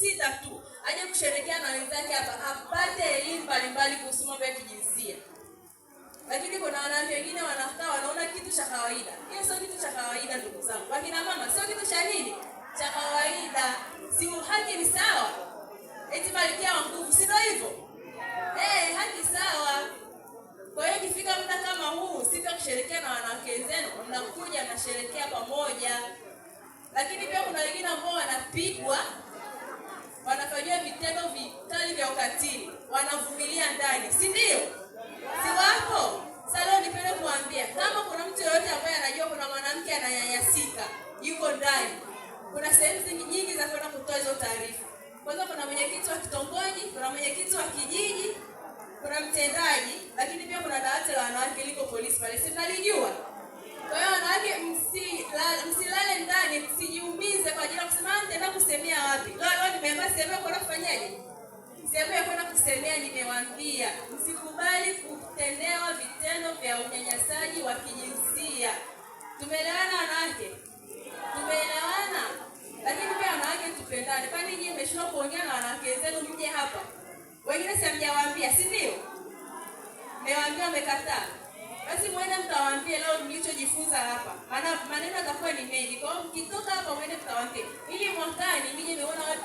sita tu aje kusherekea na wenzake hapa, apate elimu mbalimbali kuhusu mambo ya kijinsia. Lakini kuna wanawake wengine wanakaa wanaona kitu cha kawaida. Hiyo sio kitu cha kawaida, ndugu zangu. Wakina mama, sio kitu cha nini cha kawaida. Si haki ni sawa, eti malikia wa nguvu, sindo hivyo yeah. hey, haki sawa. Kwa hiyo ikifika muda kama huu, siku ya kusherekea na wanawake wenzenu, mnakuja mnasherekea pamoja. Lakini pia kuna wengine ambao wanapigwa vitendo vikali vya ukatili wanavumilia ndani, si ndio? Si wapo? Sasa nipende kuambia kama kuna mtu yoyote ambaye anajua kuna mwanamke ananyanyasika yuko ndani, kuna sehemu nyingi za kwenda kutoa hizo taarifa. Kwanza kuna mwenyekiti wa kitongoji, kuna mwenyekiti wa kijiji kusemea, nimewaambia msikubali kutendewa vitendo vya unyanyasaji wa kijinsia. Tumeelewana wanawake? Tumeelewana, lakini pia wanawake tupendane. Kwani nyinyi mmeshindwa kuongea na wanawake zenu mje hapa? Wengine si hamjawaambia, si ndio? Mmewaambia, mmekataa. Basi mwende mtawaambie leo mlichojifunza hapa, maana maneno yatakuwa ni mengi. Kwa hiyo mkitoka hapa, mwende mtawaambie, ili mwakani nije nimeona